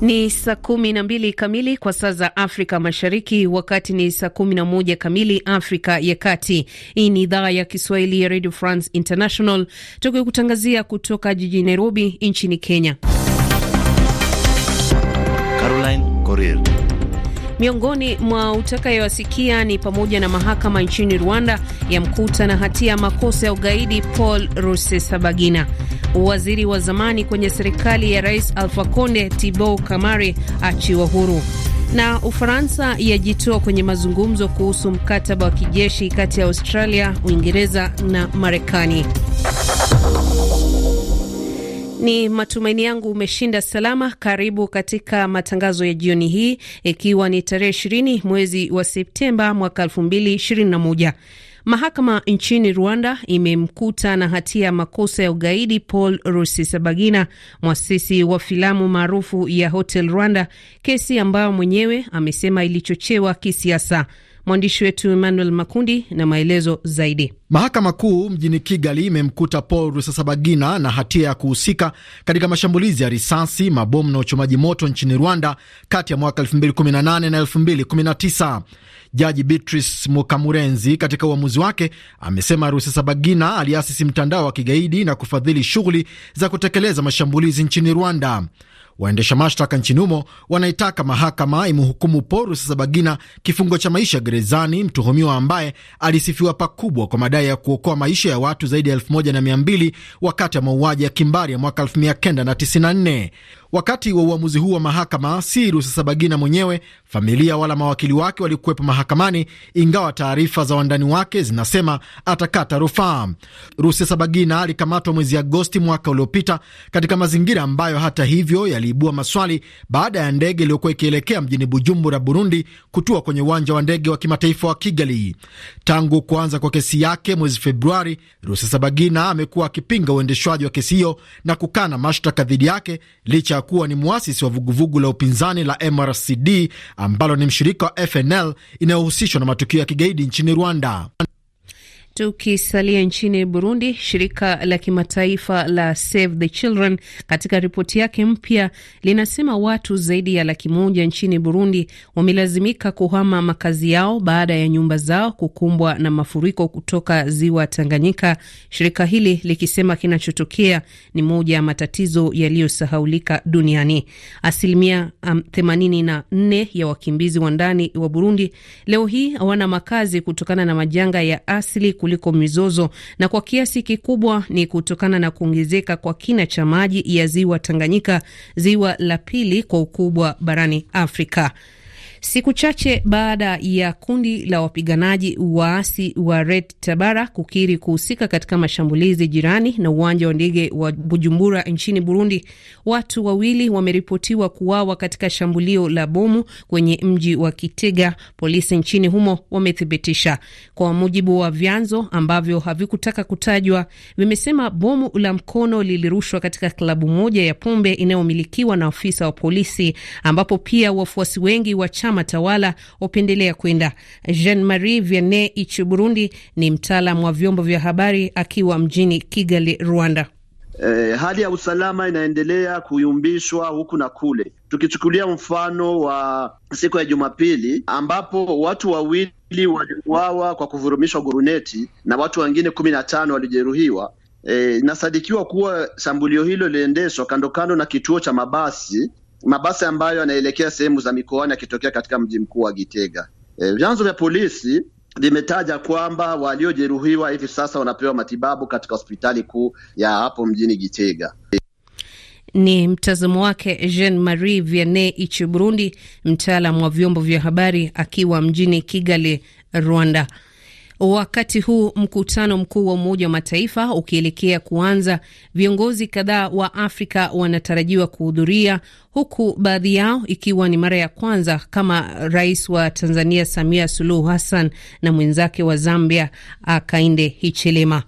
Ni saa kumi na mbili kamili kwa saa za Afrika Mashariki, wakati ni saa kumi na moja kamili Afrika ya Kati. Hii ni idhaa ya Kiswahili ya Radio France International, tukikutangazia kutoka jijini Nairobi nchini Kenya. Caroline Corrier Miongoni mwa utakayowasikia ni pamoja na mahakama nchini Rwanda yamkuta na hatia ya makosa ya ugaidi Paul Rusesabagina. Waziri wa zamani kwenye serikali ya Rais Alpha Conde Tibou Kamari achiwa huru na Ufaransa yajitoa kwenye mazungumzo kuhusu mkataba wa kijeshi kati ya Australia, Uingereza na Marekani. Ni matumaini yangu umeshinda salama. Karibu katika matangazo ya jioni hii, ikiwa ni tarehe ishirini mwezi wa Septemba mwaka elfu mbili ishirini na moja. Mahakama nchini Rwanda imemkuta na hatia ya makosa ya ugaidi Paul rusisabagina mwasisi wa filamu maarufu ya Hotel Rwanda, kesi ambayo mwenyewe amesema ilichochewa kisiasa. Mwandishi wetu Emmanuel Makundi na maelezo zaidi. Mahakama Kuu mjini Kigali imemkuta Paul Rusesabagina na hatia ya kuhusika katika mashambulizi ya risasi, mabomu na uchomaji moto nchini Rwanda kati ya mwaka 2018 na 2019. Jaji Beatrice Mukamurenzi katika uamuzi wake amesema Rusesabagina aliasisi mtandao wa kigaidi na kufadhili shughuli za kutekeleza mashambulizi nchini Rwanda. Waendesha mashtaka nchini humo wanaitaka mahakama imhukumu Paul Rusesabagina kifungo cha maisha gerezani, mtuhumiwa ambaye alisifiwa pakubwa kwa madai ya kuokoa maisha ya watu zaidi ya 1200 wakati wa mauaji ya kimbari ya mwaka 1994. Wakati wa uamuzi huu wa mahakama, si Rusesabagina mwenyewe, familia wala mawakili wake walikuwepo mahakamani, ingawa taarifa za wandani wake zinasema atakata rufaa. Rusesabagina alikamatwa mwezi Agosti mwaka uliopita katika mazingira ambayo hata hivyo yaliibua maswali baada ya ndege iliyokuwa ikielekea mjini Bujumbura, Burundi, kutua kwenye uwanja wa ndege wa kimataifa wa Kigali. Tangu kuanza kwa kesi yake mwezi Februari, Rusesabagina amekuwa akipinga uendeshwaji wa kesi hiyo na kukana mashtaka dhidi yake licha ya kuwa ni mwasisi wa vuguvugu la upinzani la MRCD ambalo ni mshirika wa FNL inayohusishwa na matukio ya kigaidi nchini Rwanda. Tukisalia nchini Burundi, shirika la kimataifa la Save the Children katika ripoti yake mpya linasema watu zaidi ya laki moja nchini Burundi wamelazimika kuhama makazi yao baada ya nyumba zao kukumbwa na mafuriko kutoka ziwa Tanganyika, shirika hili likisema kinachotokea ni moja ya matatizo yaliyosahaulika duniani. Asilimia um, themanini na nne ya wakimbizi wa ndani wa Burundi leo hii hawana makazi kutokana na majanga ya asili kuliko mizozo, na kwa kiasi kikubwa ni kutokana na kuongezeka kwa kina cha maji ya ziwa Tanganyika, ziwa la pili kwa ukubwa barani Afrika siku chache baada ya kundi la wapiganaji waasi wa Red Tabara kukiri kuhusika katika mashambulizi jirani na uwanja wa ndege wa Bujumbura nchini Burundi. Watu wawili wameripotiwa kuuawa katika shambulio la bomu kwenye mji wa Kitega, polisi nchini humo wamethibitisha. Kwa mujibu wa vyanzo ambavyo havikutaka kutajwa, vimesema bomu la mkono lilirushwa katika klabu moja ya pombe inayomilikiwa na afisa wa polisi, ambapo pia wafuasi wengi wa chama chama tawala hupendelea kwenda. Jean Marie Vianney Ichi Burundi ni mtaalam wa vyombo vya habari akiwa mjini Kigali, Rwanda. Eh, hali ya usalama inaendelea kuyumbishwa huku na kule. Tukichukulia mfano wa siku ya Jumapili ambapo watu wawili waliuawa kwa kuvurumishwa guruneti na watu wengine kumi na tano walijeruhiwa. Eh, inasadikiwa e, kuwa shambulio hilo liliendeshwa kando kando na kituo cha mabasi mabasi ambayo yanaelekea sehemu za mikoani yakitokea katika mji mkuu wa Gitega. E, vyanzo vya polisi vimetaja kwamba waliojeruhiwa hivi sasa wanapewa matibabu katika hospitali kuu ya hapo mjini Gitega. Ni mtazamo wake Jean Marie Vianney Ichi Burundi, mtaalam wa vyombo vya habari akiwa mjini Kigali, Rwanda. Wakati huu mkutano mkuu wa Umoja wa Mataifa ukielekea kuanza, viongozi kadhaa wa Afrika wanatarajiwa kuhudhuria, huku baadhi yao ikiwa ni mara ya kwanza, kama Rais wa Tanzania Samia Suluhu Hassan na mwenzake wa Zambia akainde Hichilema.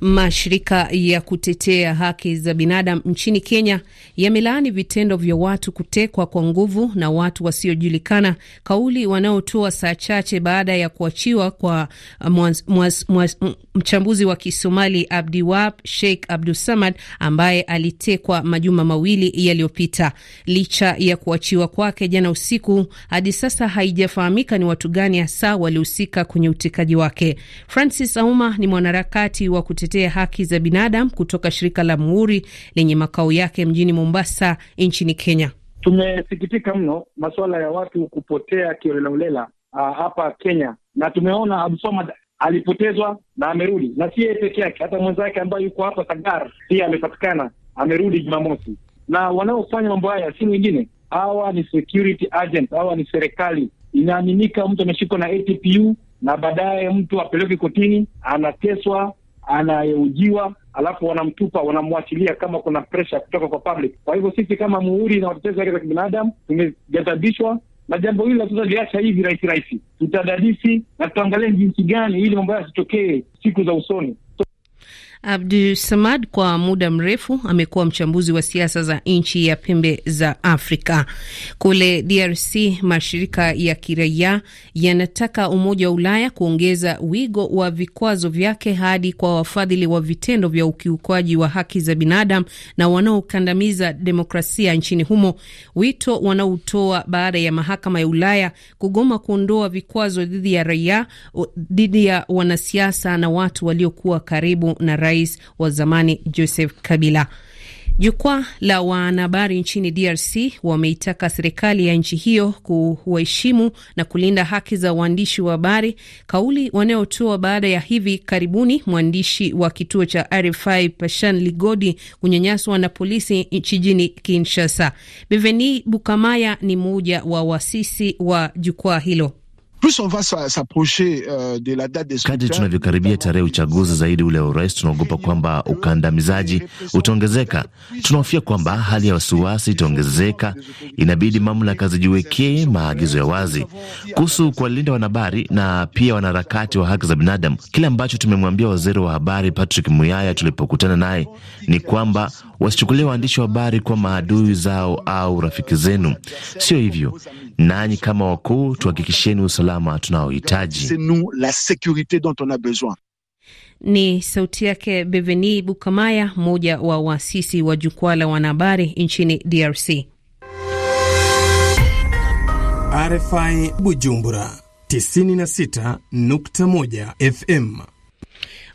Mashirika ya kutetea haki za binadamu nchini Kenya yamelaani vitendo vya watu kutekwa kwa nguvu na watu wasiojulikana, kauli wanaotoa saa chache baada ya kuachiwa kwa mwaz, mwaz, mwaz, mchambuzi wa Kisomali Abdiwab Sheikh Abdusamad ambaye alitekwa majuma mawili yaliyopita. Licha ya kuachiwa kwake jana usiku, hadi sasa haijafahamika ni watu gani hasa walihusika kwenye utekaji wake. Francis Auma ni mwanaharakati wa kutetea kutetea haki za binadamu kutoka shirika la Muhuri lenye makao yake mjini Mombasa nchini Kenya. Tumesikitika mno masuala ya watu kupotea kiolelaolela ah, hapa Kenya, na tumeona Abdulswamad alipotezwa na amerudi, na si yeye peke yake, hata mwenzake ambaye yuko hapa Sagar pia amepatikana, amerudi Jumamosi. Na wanaofanya mambo haya si mwingine, hawa ni security agent, hawa ni serikali. Inaaminika mtu ameshikwa na ATPU na baadaye mtu apelekwe kotini, anateswa, anayeujiwa alafu wanamtupa wanamwachilia kama kuna presha kutoka kwa public. Kwa hivyo sisi kama muhuri na watetezi wake za kibinadamu tumegadhabishwa na jambo hili, liacha hivi rahisi rahisi, tutadadisi na tutaangalia jinsi gani ili mambo hayo yasitokee siku za usoni. Abdu Samad kwa muda mrefu amekuwa mchambuzi wa siasa za nchi ya pembe za Afrika. Kule DRC, mashirika ya kiraia yanataka Umoja wa Ulaya kuongeza wigo wa vikwazo vyake hadi kwa wafadhili wa vitendo vya ukiukwaji wa haki za binadamu na wanaokandamiza demokrasia nchini humo, wito wanaotoa baada ya mahakama ya Ulaya kugoma kuondoa vikwazo dhidi ya raia, dhidi ya wanasiasa na watu waliokuwa karibu na raia rais wa zamani Joseph Kabila. Jukwaa la wanahabari nchini DRC wameitaka serikali ya nchi hiyo kuwaheshimu na kulinda haki za waandishi wa habari, kauli wanayotoa baada ya hivi karibuni mwandishi wa kituo cha RFI Pashan Ligodi kunyanyaswa na polisi jijini Kinshasa. Beveni Bukamaya ni mmoja wa wasisi wa jukwaa hilo. Kadri tunavyokaribia tarehe uchaguzi zaidi ule wa urais, tunaogopa kwamba ukandamizaji utaongezeka. Tunahofia kwamba hali ya wasiwasi itaongezeka. Inabidi mamlaka zijiwekee maagizo ya wazi kuhusu kuwalinda wanahabari na pia wanaharakati wa haki za binadamu. Kile ambacho tumemwambia waziri wa habari Patrick Muyaya tulipokutana naye ni kwamba wasichukulie waandishi wa habari kwa maadui zao au rafiki zenu. Sio hivyo, nanyi kama wakuu tuhakikisheni usalama tunaohitaji. Ni sauti yake Beveni Bukamaya, mmoja wa waasisi wa jukwaa la wanahabari nchini DRC. RFI Bujumbura 96.1 FM.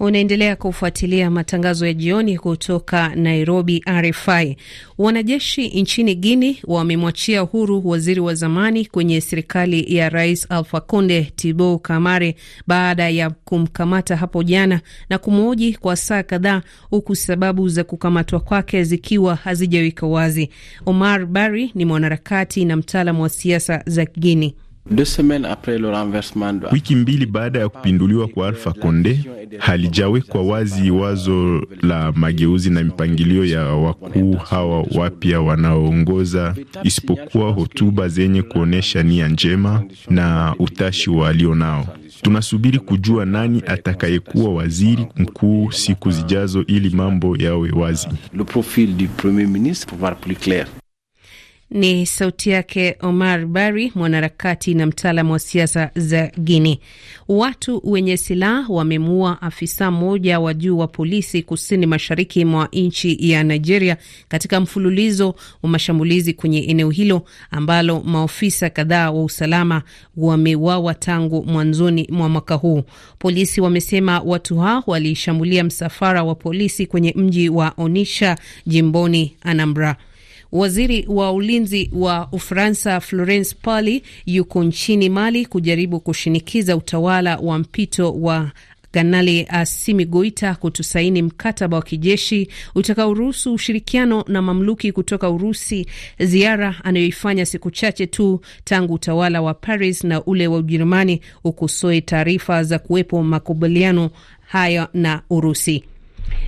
Unaendelea kufuatilia matangazo ya jioni kutoka Nairobi, RFI. Wanajeshi nchini Guinea wamemwachia huru waziri wa zamani kwenye serikali ya Rais Alfa Conde, Tibo Kamare, baada ya kumkamata hapo jana na kumwoji kwa saa kadhaa, huku sababu za kukamatwa kwake zikiwa hazijawika wazi. Omar Bari ni mwanaharakati na mtaalamu wa siasa za Guinea. Wiki mbili baada ya kupinduliwa kwa Alpha Konde, halijawekwa wazi wazo la mageuzi na mipangilio ya wakuu hawa wapya wanaoongoza, isipokuwa hotuba zenye kuonyesha nia njema na utashi walio nao. Tunasubiri kujua nani atakayekuwa waziri mkuu siku zijazo, ili mambo yawe wazi. Ni sauti yake Omar Bari, mwanaharakati na mtaalamu wa siasa za guini Watu wenye silaha wamemuua afisa mmoja wa juu wa polisi kusini mashariki mwa nchi ya Nigeria katika mfululizo wa mashambulizi kwenye eneo hilo ambalo maofisa kadhaa wa usalama wameuawa tangu mwanzoni mwa mwaka huu. Polisi wamesema watu hao walishambulia msafara wa polisi kwenye mji wa Onisha jimboni Anambra. Waziri wa ulinzi wa Ufaransa Florence Parly yuko nchini Mali kujaribu kushinikiza utawala wa mpito wa Kanali Asimi Goita kutusaini mkataba wa kijeshi utakaoruhusu ushirikiano na mamluki kutoka Urusi, ziara anayoifanya siku chache tu tangu utawala wa Paris na ule wa Ujerumani ukosoe taarifa za kuwepo makubaliano hayo na Urusi.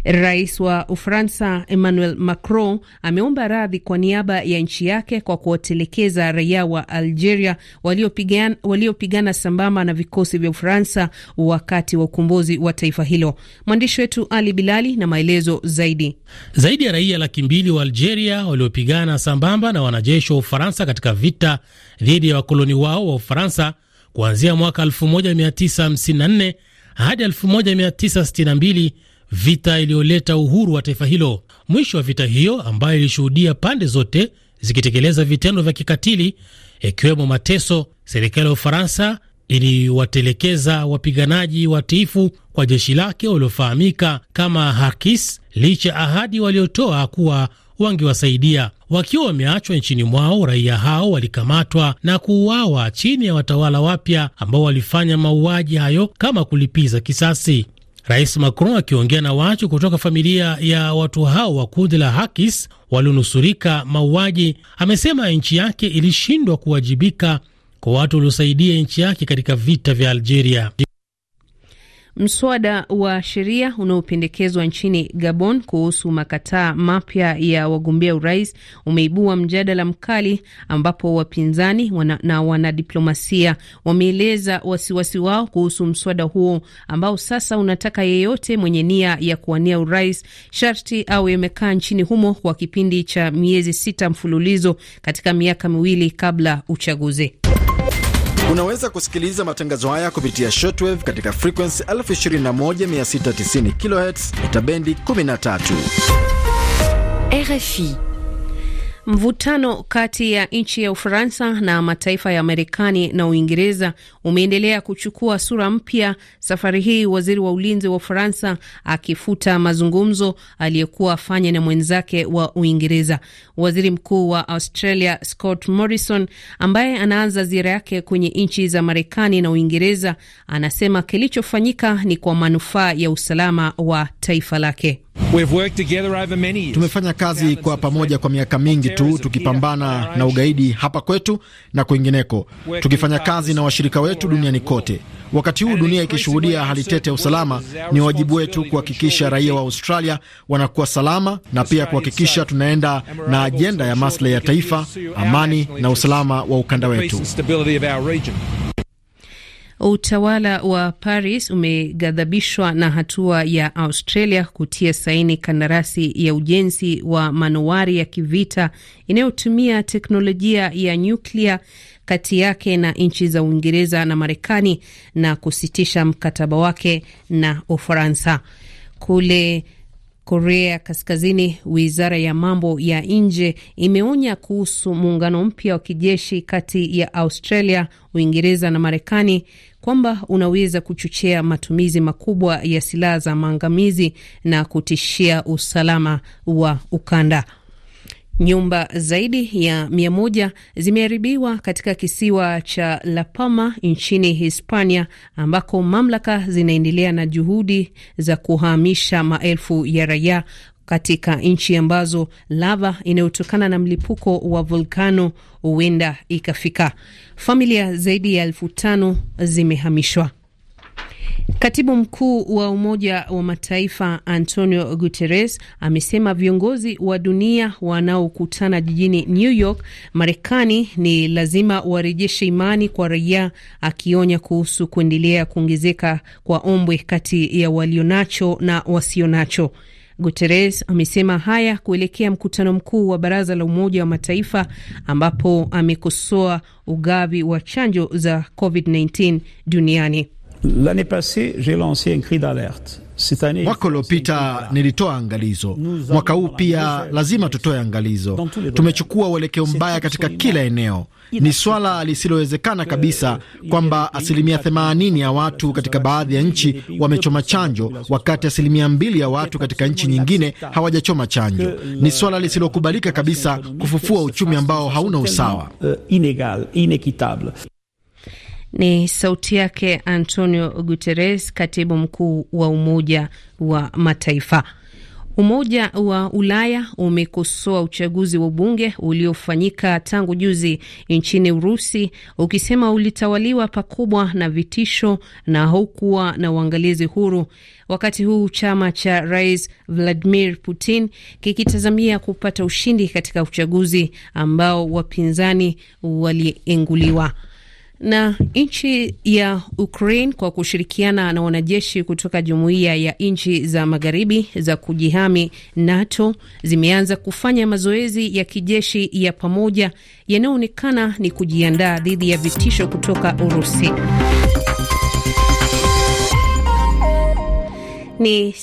Rais wa Ufaransa Emmanuel Macron ameomba radhi kwa niaba ya nchi yake kwa kuwatelekeza raia wa Algeria waliopigana walio sambamba na vikosi vya Ufaransa wakati wa ukombozi wa taifa hilo. Mwandishi wetu Ali Bilali na maelezo zaidi. Zaidi ya raia laki mbili wa Algeria waliopigana sambamba na wanajeshi wa Ufaransa katika vita dhidi ya wakoloni wao wa Ufaransa kuanzia mwaka 1954 hadi 1962 vita iliyoleta uhuru wa taifa hilo. Mwisho wa vita hiyo ambayo ilishuhudia pande zote zikitekeleza vitendo vya kikatili ikiwemo mateso, serikali ya Ufaransa iliwatelekeza wapiganaji watiifu kwa jeshi lake waliofahamika kama Harkis, licha ahadi waliotoa kuwa wangewasaidia. Wakiwa wameachwa nchini mwao, raia hao walikamatwa na kuuawa chini ya watawala wapya ambao walifanya mauaji hayo kama kulipiza kisasi. Rais Macron akiongea na watu kutoka familia ya watu hao wa kundi la Hakis walionusurika mauaji, amesema nchi yake ilishindwa kuwajibika kwa watu waliosaidia nchi yake katika vita vya Algeria. Mswada wa sheria unaopendekezwa nchini Gabon kuhusu makataa mapya ya wagombea urais umeibua mjadala mkali, ambapo wapinzani wana, na wanadiplomasia wameeleza wasiwasi wao kuhusu mswada huo ambao sasa unataka yeyote mwenye nia ya kuwania urais sharti awe amekaa nchini humo kwa kipindi cha miezi sita mfululizo katika miaka miwili kabla uchaguzi. Unaweza kusikiliza matangazo haya kupitia shortwave katika frequency 21690 kHz itabendi 13 RFI Mvutano kati ya nchi ya Ufaransa na mataifa ya Marekani na Uingereza umeendelea kuchukua sura mpya, safari hii waziri wa ulinzi wa Ufaransa akifuta mazungumzo aliyekuwa afanya na mwenzake wa Uingereza. Waziri mkuu wa Australia Scott Morrison, ambaye anaanza ziara yake kwenye nchi za Marekani na Uingereza, anasema kilichofanyika ni kwa manufaa ya usalama wa taifa lake. Tumefanya kazi kwa pamoja kwa miaka mingi tu tukipambana na ugaidi hapa kwetu na kwingineko, tukifanya kazi na washirika wetu duniani kote. Wakati huu dunia ikishuhudia hali tete ya usalama, ni wajibu wetu kuhakikisha raia wa Australia wanakuwa salama na pia kuhakikisha tunaenda na ajenda ya maslahi ya taifa, amani na usalama wa ukanda wetu. Utawala wa Paris umeghadhabishwa na hatua ya Australia kutia saini kandarasi ya ujenzi wa manowari ya kivita inayotumia teknolojia ya nyuklia kati yake na nchi za Uingereza na Marekani na kusitisha mkataba wake na Ufaransa. Kule Korea Kaskazini, wizara ya mambo ya nje imeonya kuhusu muungano mpya wa kijeshi kati ya Australia, Uingereza na Marekani kwamba unaweza kuchochea matumizi makubwa ya silaha za maangamizi na kutishia usalama wa ukanda. Nyumba zaidi ya mia moja zimeharibiwa katika kisiwa cha La Palma nchini Hispania, ambako mamlaka zinaendelea na juhudi za kuhamisha maelfu ya raia katika nchi ambazo lava inayotokana na mlipuko wa volkano huenda ikafika. Familia zaidi ya elfu tano zimehamishwa. Katibu mkuu wa Umoja wa Mataifa Antonio Guterres amesema viongozi wa dunia wanaokutana jijini New York, Marekani, ni lazima warejeshe imani kwa raia, akionya kuhusu kuendelea kuongezeka kwa ombwe kati ya walionacho na wasionacho. Guterres amesema haya kuelekea mkutano mkuu wa baraza la Umoja wa Mataifa ambapo amekosoa ugavi wa chanjo za COVID-19 duniani. L'annee passee j'ai lance un cri d'alerte Mwaka uliopita nilitoa angalizo, mwaka huu pia lazima tutoe angalizo. Tumechukua uelekeo mbaya katika kila eneo. Ni swala lisilowezekana kabisa kwamba asilimia themanini ya watu katika baadhi ya nchi wamechoma chanjo wakati asilimia mbili ya watu katika nchi nyingine hawajachoma chanjo. Ni swala lisilokubalika kabisa kufufua uchumi ambao hauna usawa. Ni sauti yake Antonio Guterres, katibu mkuu wa Umoja wa Mataifa. Umoja wa Ulaya umekosoa uchaguzi wa ubunge uliofanyika tangu juzi nchini Urusi ukisema ulitawaliwa pakubwa na vitisho na haukuwa na uangalizi huru. Wakati huu chama cha Rais Vladimir Putin kikitazamia kupata ushindi katika uchaguzi ambao wapinzani walienguliwa. Na nchi ya Ukraine kwa kushirikiana na wanajeshi kutoka jumuiya ya nchi za magharibi za kujihami NATO zimeanza kufanya mazoezi ya kijeshi ya pamoja yanayoonekana ni kujiandaa dhidi ya vitisho kutoka Urusi. Ni